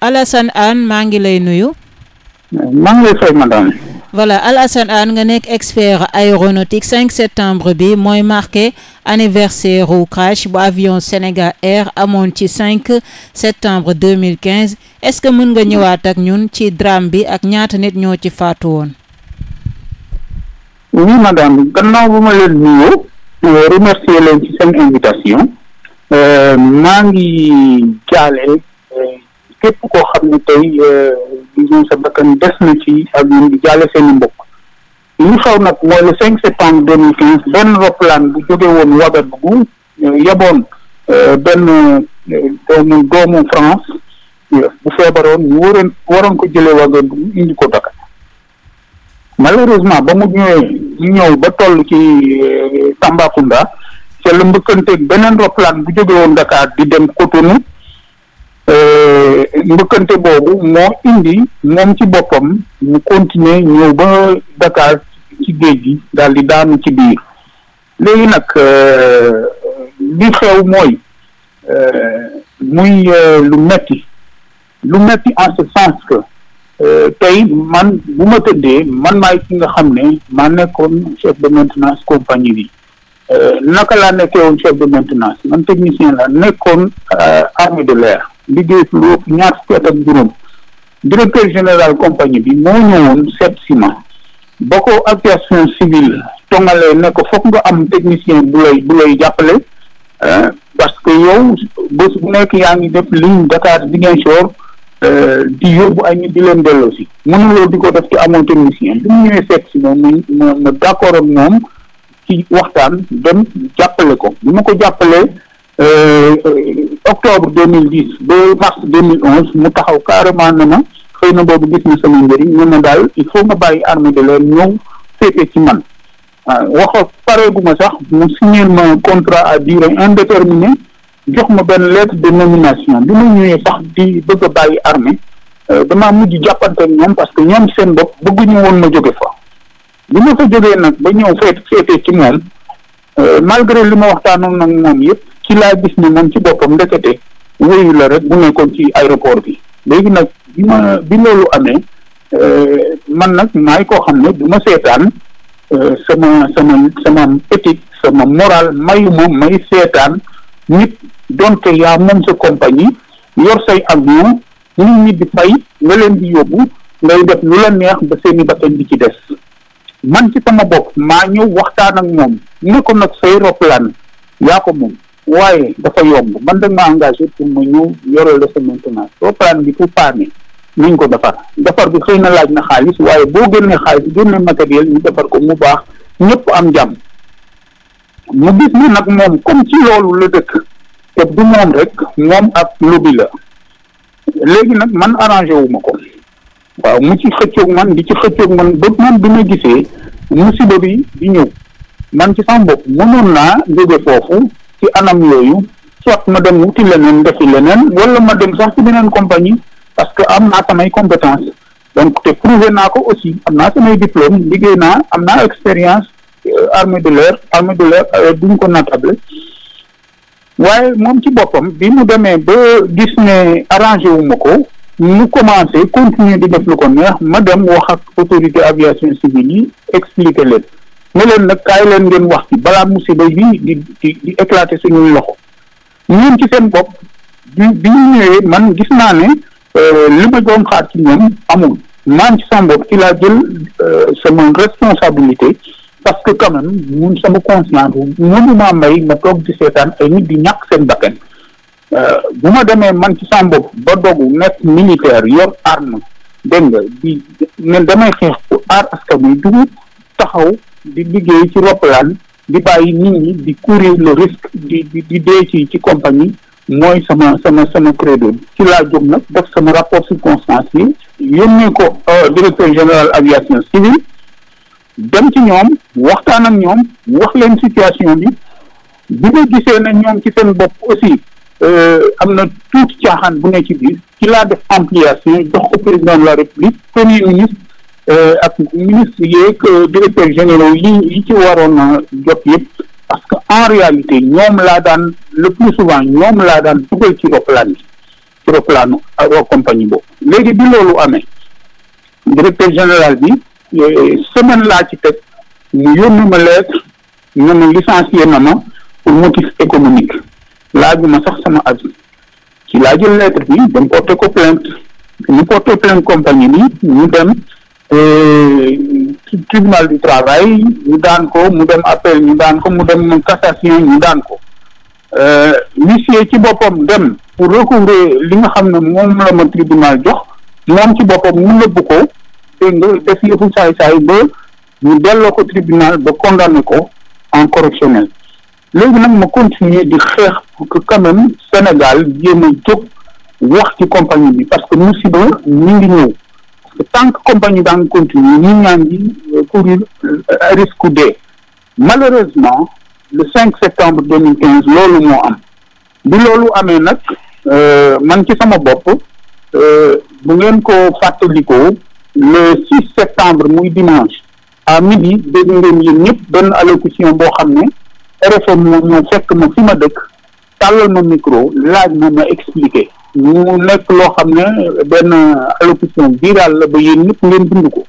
Alassane Hann maa ngi lay nuyu. maa ngi lay madame. voilà Alassane Hann nga nekk expert aéronautique 5 septembre bi mooy marqué anniversaire u crash bu avion Sénégal Air amoon ci 5 septembre 2015 est-ce que mën nga ñëwaat ak ñun ci drame bi ak ñaata nit ñoo ci faatu woon. madame gannaaw bu ma leen nuyoo euh, remercier leen ci seen invitation euh, maa ngi jaale. képp ko xam ne tey disons euh, sa bakkan des na ci ak ñun jàlle seen i mbokk li xaw nag mooy le cinq septembre deux mille quinze benn roplaan bu jóge woon Ouagadougou euh, yeboon euh, benn doomu doomu France bu feebaroon waroon ko jëlee Ouagadougou indi ko Dakar malheureusement ba mu ñëwee ñëw ba toll ci Tambacounda ca la mbëkkanteeg beneen roplaan bu jóge woon Dakar di dem Cotonou Euh, mbëkkante boobu moo indi moom ci boppam mu continuer ñëw ba Dakar ci géej gi daal di daanu ci biir léegi nag euh, li xew mooy euh, muy lu metti lu metti en ce sens que tey man bu ma tëddee man maay ki nga xam ne maa nekkoon chef de maintenance compagnie bi naka laa nekkeewoon chef de maintenance man technicien la nekkoon armée de l'air liggéey fi lu ëpp ñaar fukki at ak juróom directeur général compagnie bi moo ñëwoon seet si ma ba ko aviation civile tongalee ne ko foog nga am technicien bu lay bu lay jàppale euh, parce que yow bés bu nekk yaa ngi def ligne Dakar Ziguinchor euh, di yóbbu ay nit di leen delloo si mënuloo di ko def ci amoon technicien bi mu ñëwee seet si moom ma ma d'accord ak ñoom ci waxtaan dem jàppale ko bi ma ko jàppale Euh, octobre deux mille dix ba mars deux mille onze mu taxaw carrément ne ma xëy na boobu gis na sama njëriñ ne ma daal il faut nga bàyyi armée de l'air ñëw féete ci man ah, waxa pareeguma sax mu signer ma contrat à durée indéterminée jox ma benn lettre de nomination bi ma ñëwee sax di bëgg a bàyyi armée euh, damaa mujj jàppante ak ñoom parce que ñoom seen bopp bëgguñu woon ma jóge fa bi ma fa jógee nag ba ñëw féete féete ci moom euh, malgré li ma waxtaanoon nag moom yëpp ci laa gis ne moom ci boppam ndekete wéyu rek bu nekkoon ci aéroport bi léegi nag bi ma bi loolu amee euh, man nag maay koo xam ne du ma seetaan euh, sama sama sama éthique sama moral mayu ma seetaan nit donte yaa moom sa compagnie yor say avion nit ñi di fay nga leen di yóbbu ngay def lu la neex ba seeni bakkan bi ci des man ci sama bopp maa ñëw waxtaan ak moom ne ko nag say roplaan yaa ko moom waaye dafa yomb man dañ maa engagé pour ma ñëw yore la sa maintenance soo paan bi pour paane nuñ ko defar defar bi xëy na laaj na xaalis waaye boo génnee xaalis génne matériel ñu defar ko mu baax ñépp am jàmm mu gis ni nag moom comme ci loolu la dëkk te du moom rek moom ak lobby la léegi nag man arrangé wu ko waaw mu ci xëccoog man di ci xëccoog man ba man bi ma gisee musiba bi di ñëw man ci sama bopp mënoon naa jóge foofu ci anam yooyu soit ma dem wuti leneen defi leneen wala ma dem sax ci beneen compagnie parce que am naa samay compétence donc te prouvé naa ko aussi am naa samay diplôme liggéey naa am naa expérience euh, armée de l'air armée de l'air duñ euh, ko natable waaye moom ci boppam bi mu demee ba gis ne arrangé wu ko mu commencé continuer di def lu ko neex ma dem wax ak autorité aviation civile yi expliqué leen ne leen nag kaay leen ngeen wax ci balaa musiba bi di di di éclater suñuy loxo ñun ci seen bopp bi bi ñu man gis naa ne euh, li ma doon xaar ci ñoom amul maan ci sama bopp ci laa jël euh, sama responsabilité parce que quand même sama conscience mënuma may ma toog di seetaan ay nit di ñàkk seen bakkan euh, bu ma demee man ci sama bopp ba dogu nekk militaire yor arme dégg nga di ne damay xeex pour aar askan wi dugub taxaw di liggéey ci roppalaan di bàyyi nit ñi di courir le risque di di dee ci ci compagnie mooy sama sama sama credo ci laa jóg nag def sama rapport circonstance yi yónnee ko euh, directeur général aviation civile dem ci ñoom waxtaan ak ñoom wax leen situation bi bi nga gisee na ñoom ci seen bopp aussi euh, am na tuuti chakhan bu ne ci biir ci laa def ampliation jox ko président de la république premier ministre Euh, ak ministre yeeg euh, directeur généraux yi yi ci waroon a jot yëpp parce que en réalité ñoom laa daan le plus souvent ñoom laa daan dugal ci roplaan bi ci roplaanu compagnie boobu léegi bi loolu amee directeur général bi euh, semaine laa ci teg mu yónni ma lettre ne ma na ma pour motif économique laaju ma sax sama avis ci laaju lettre bi dem porté ko plainte ñu porté plainte compagnie bi ñu dem tribunal du travail ñu daan ko mu dem appel ñu daan ko mu dem cassation ñu daan ko euh, huissier ci boppam dem pour recouvrer li nga xam ne moom la ma tribunal jox moom ci boppam mu nëbb ko te nga def yëfu saay-saay ba ñu delloo ko tribunal ba condamné ko en correctionnel léegi nag ma continuer di xeex pour que quand même Sénégal jéem a wax ci compagnie bi parce que musiba mi ñëw tant que compagnie baa ngi continuer ñu ñaa ngi euh, courir euh, risque dee malheureusement le cinq septembre deux mille quinze loolu moo am bi loolu amee nag euh, man ci sama bopp bu ngeen ko fàttalikoo le six septembre muy dimanche à midi dégg ngeen yéen ñëpp benn allocution boo xam ne RFM moo ñoo fekk ma fi ma dëkk tàllal ma micro laaj ma ma expliquer mu nekk loo xam ne benn allocution virale la ba yéen ñëpp ngeen dund ko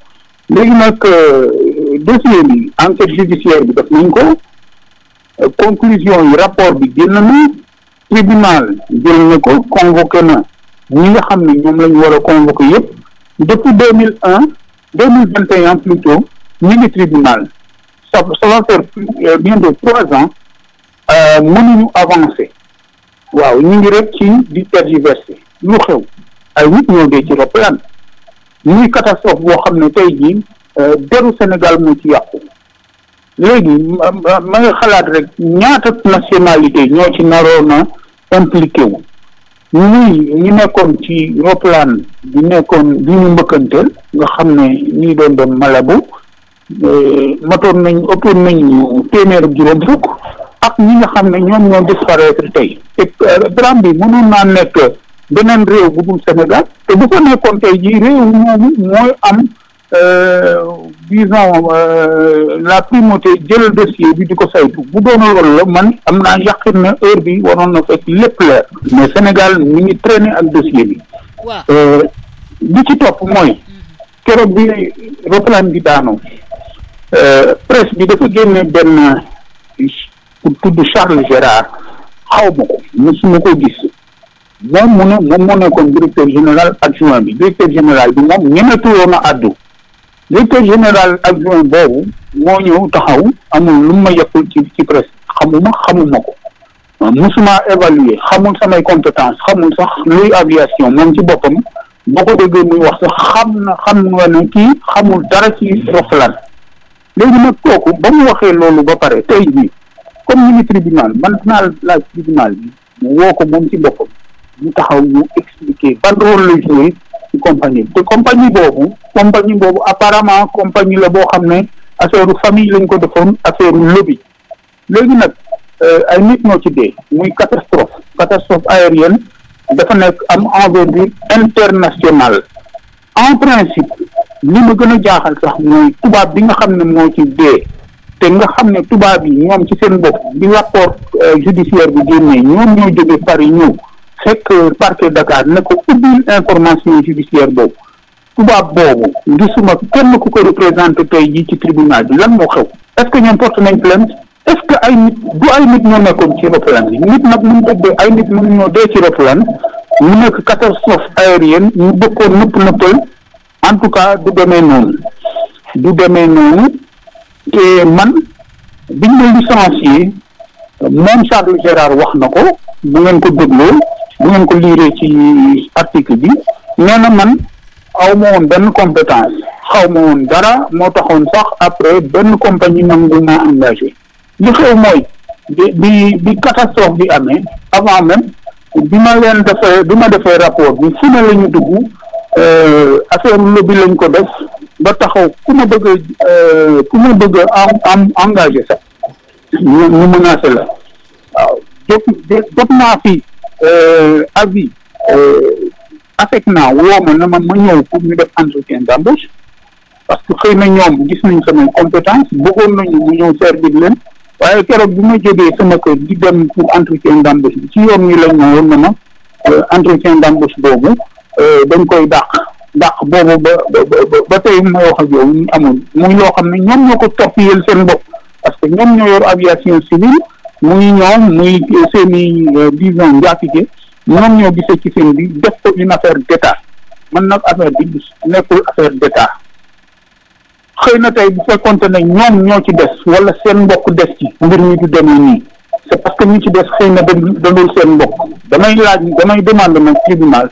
léegi nag euh, dossier bi enquête judiciaire bi def nañ ko conclusion yi rapport bi génn na tribunal jël na ko convoqué na ñi nga xam ne ñoom la ñu war a convoqué yëpp depuis deux mille un deux mille vingt et un plutôt ñu ngi tribunal ça ça va faire euh, bientôt trois ans euh, mënuñu avancer waaw ñu ngi rek ci di tergiverser lu xew ay nit ñoo dee ci roplaan muy catastrophe boo xam ne tey jii euh, deru Sénégal moo ci yàqu léegi ma nga xalaat rek ñaata nationalité ñoo ci naroon a impliqué wu ñuy ñi nekkoon ci roplaan bi nekkoon bi ñu mbëkkanteel nga xam ne ñi doon dem Malabo euh, matoon nañ ëppoon nañ téeméer ak juróom fukk ak ñi nga xam ne ñoom ñoo disparaître tey Euh, drame bi mënoon naa nekk beneen réew bu dul Sénégal te bu fa nekkoon tey jii réew moomu mooy am euh, disons euh, la primauté jël dossier bi di ko saytu bu doona loolu la man am naa yàqin na heure bi waroon na fekk lépp leer mais Sénégal mi ngi traîner ak dossier bi li ci topp mooy keroog bi roplaan bi daanoo presse bi dafa génne benn tudd Charles Gérard xaw ma ko musuma ko gis moom mu ne moom moo nekkoon directeur général adjoint bi directeur général bi moom ñemetu woon a àddu directeur général adjoint boobu moo ñëw taxaw amul lu ma yàqul ci ci presse xamuma xamuma ko ah, musuma évaluer xamul samay compétence xamul sax luy aviation moom ci boppam boo ko déggee muy wax sax xam na xam nga ne kii xamul dara ci Roxlaan léegi nag kooku ba mu waxee loolu ba pare tey jii comme ñu ngi tribunal man dinaa laaj tribunal bi mu woo ko moom ci boppam ñu taxaw ñu expliquer ban rôle lay joué ci compagnie bi te compagnie boobu compagnie boobu apparemment compagnie la boo xam ne affaire famille lañ ko defoon affaire lobby léegi nag euh, ay nit ñoo ci dee muy catastrophe catastrophe aérienne dafa nekk am envergure internationale en principe li ma gën a jaaxal sax muy tubaab bi nga xam ne moo ci dee te nga xam ne tubaab yi ñoom ci seen bopp bi rapport euh, judiciaire bi génnee ñoom ñoo jóge Paris ñëw fekk parquet Dakar ne ko ubbil information judiciaire boobu tubaab boobu gisuma kenn ku ko représenté tey jii ci tribunal bi lan moo xew est-ce que ñoom porte nañ plainte est-ce que ay nit du ay nit ñoo nekkoon ci roppalaan bi nit nag mu tëddee ay nit mu ñoo dee ci roppalaan mu nekk catastrophe aérienne ñu bëggoon nëpp nëppal en tout cas du demee noonu du demee noonu te man biñ ma licencié moom Charles Gérard wax na ko bu ngeen ko dégloo bu ngeen ko liiree ci article bi nee na man aw ma woon benn compétence xaw ma woon dara moo taxoon sax après benn compagnie nangu naa engagé li xew mooy bi bi bi catastrophe bi amee avant même bi ma leen defee bi ma defee rapport bi fu ne la ñu dugg euh, affaire lobby lañ ko def ba taxaw ku ma bëgg a euh, ku ma bëgg a am engagé sax ñu ñu menacé la waaw jot jot naa fi euh, avis euh, affect naa woo ma na ma ma ñëw pour ñu def entretien d'embauche parce que xëy na ñoom gis nañ samay compétence bëggoon nañu mu ñëw servir leen waaye keroog bi ma jógee sama kër di dem pour entretien d'embauche bi ci yoon ñi lañ ñëwoon na ma entretien d'embauche boobu dañ koy dàq ndax boobu ba ba tey may wax yow ñu amoon muy loo xam ne ñoom ñoo ko torpiller seen bopp parce que ñoom ñoo yor aviation civile muy ñoom muy seen i euh, disons njaatige ñoom ñoo gisee ci seen bi def ko une affaire d' état man nag affaire bi nekkul affaire d' xëy na tey bu fekkonte ne ñoom ñoo ci des wala seen mbokk des ci mbir mi du demee nii c' parce que ñu ci des xëy na dañu dañul seen mbokk damay laaj damay demande nag tribunal.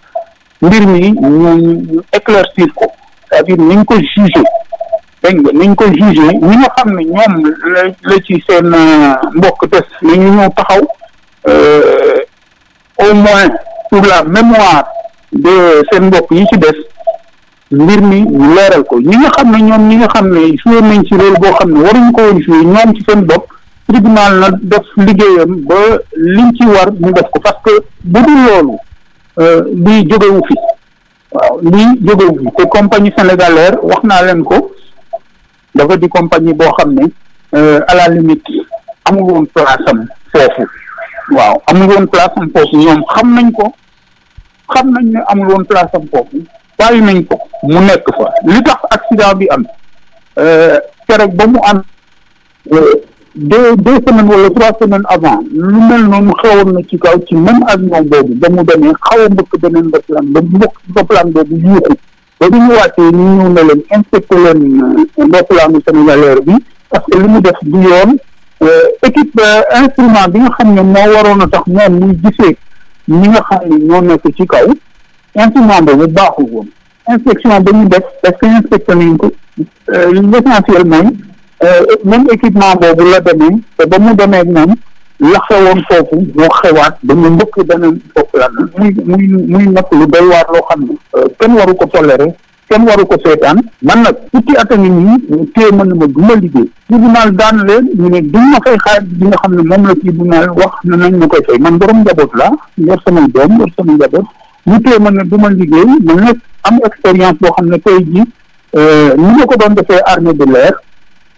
mbir mi ñu ñu éclaircir ko c'est-à-dire ni ñu ko jugé dégg nga ni ñu ko jugé ñi nga xam ne ñoom la la ci seen euh, mbokk des na ñu ñëw taxaw euh, au moins pour la mémoire de seen mbokk yi ci des mbir mi ñu leeral ko ñi nga xam ne ñoom ñi nga xam ne joué nañ ci rôle boo xam ne waruñu ko woon joué ñoom ci seen bopp tribunal na def liggéeyam ba liñ ci war ñu def ko parce que bu dul loolu Euh, lii jógewu fi waaw lii jógewu fi te compagnie sénégalaire wax naa leen ko dafa di compagnie boo xam ne euh, à la limite amul woon place am foofu waaw amul woon place am foofu ñoom xam nañ ko xam nañ ne amul woon place am foofu bàyyi nañ ko mu nekk fa li tax ak accident bi am euh, keroog ba mu am deux deux semaines wala trois semaines avant lu mel noonu xewoon na ci kaw ci même avion boobu ba mu demee xaw a mbëkk beneen baplaan ba mbëkk baplaan boobu yuuxu ba bu ñu wàccee ñu ñëw na leen inspecté leen baplaanu euh, sénégalaire bi parce que li mu def du yoon euh, équipe euh, instrument bi nga xam ne moo waroon a tax moom muy gisee nga xam ne ñoo nekk ci kaw instrument boobu baax woon inspection ba ñu def parce que inspecté nañ ko l'essentiel mooy Euh, même équipement boobu la demee te ba mu demee moom la xewoon foofu moo xewaat ba mu mbëkk beneen population muy muy muy nekk lu doy waar loo xam ne euh, kenn waru ko toléré kenn waru ko seetaan man nag tuuti at a ngi nii téye ma ne ma du ma liggéey tribunal daan leen ñu ne duñ ma bi nga xam ne moom la bu tribunal wax ne nañ ma koy fay man borom njaboot la yor samay doom yor samay njaboot ñu téye ma ne du ma liggéey ma nekk am expérience boo xam ne tey jii euh, ni ma ko doon defee armée de l'air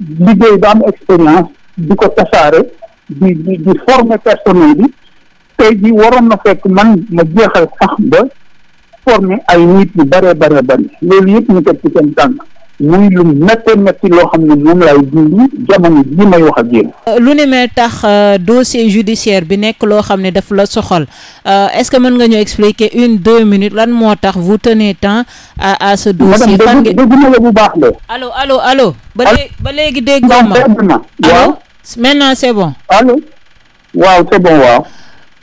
liggéey ba am expérience di ko tasaare di di di former tey ji waroon na fekk man ma jeexal sax ba former ay nit yu bëree bëree bëri loolu yëpp ñu teg ci seen tànk muy lu méttee métti loo xam ne moom laay dindi jamono ji may wax ak yéen. lu ni mel tax euh, dossier judiciaire bi nekk loo xam ne daf la soxal euh, est-ce que mën nga ñu expliquer une deux minutes lan moo tax vous tenez temps à à ce dossier. fan bu baax de. allo allo allo. ba léegi ba léegi déggoo ma waaw maintenant c'est bon. allo waaw c'est bon waaw.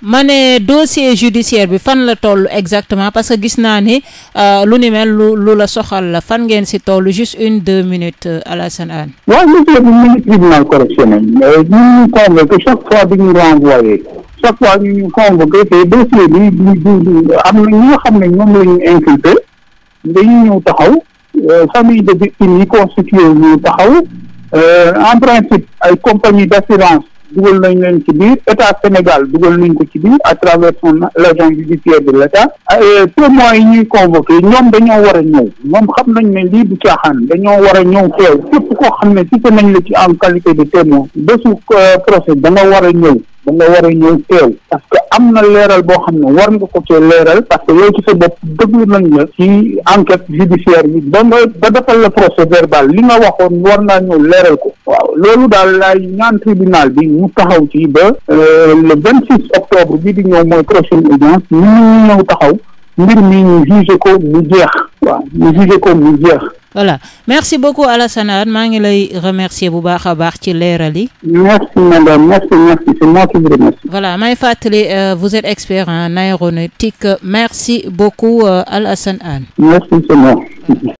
ma ne dossier judiciaire bi fan la toll exactement parce que gis naa ni euh, lu ni mel lu la soxal la fan ngeen si toll juste une deux minutes euh, Alassane Anne waaw monsieur bi mu ngi tribunal correctionnel ñu ñu convoqué chaque fois bi ñu renvoyé chaque fois ñu ñu convoqué te dossier bi du am na ñi nga xam ne ñoom la ñu inculpé dañu ñëw taxaw euh, famille de victimes yi constitué ñu taxaw en principe ay compagnie d' assurance dugal nañ leen ci biir état Sénégal dugal nañ ko ci biir à travers son l'agent judiciaire de l'état ah, euh, témoins yi ñuy convoqué ñoom dañoo war a ñëw moom xam nañ ne lii du caaxaan dañoo war a ñëw teew képp koo xam ne cité nañ la ci en qualité de témoin bésu euh, procès da nga war a ñëw da nga war a ñëw teew parce que am na leeral boo xam ne war nga ko cee leeral parce que yow ci sa bopp déglu nañ la ci enquête judiciaire ba nga ba defal la li nga waxoon war naa ñëw leeral ko waaw da la laay ñaan tribunal bi mu taxaw ci ba euh, le vingt six octobre bi di ñëw mooy prochaine audience ñu ñëw taxaw mbir mi ñu ko mu jeex ko mu voilà merci beaucoup Alassane Hann maa ngi lay remercier bu baax a baax ci leeral li merci madame merci merci voilà may fàttali euh, vous êtes expert en aéronautique merci beaucoup euh, Alassane Hann.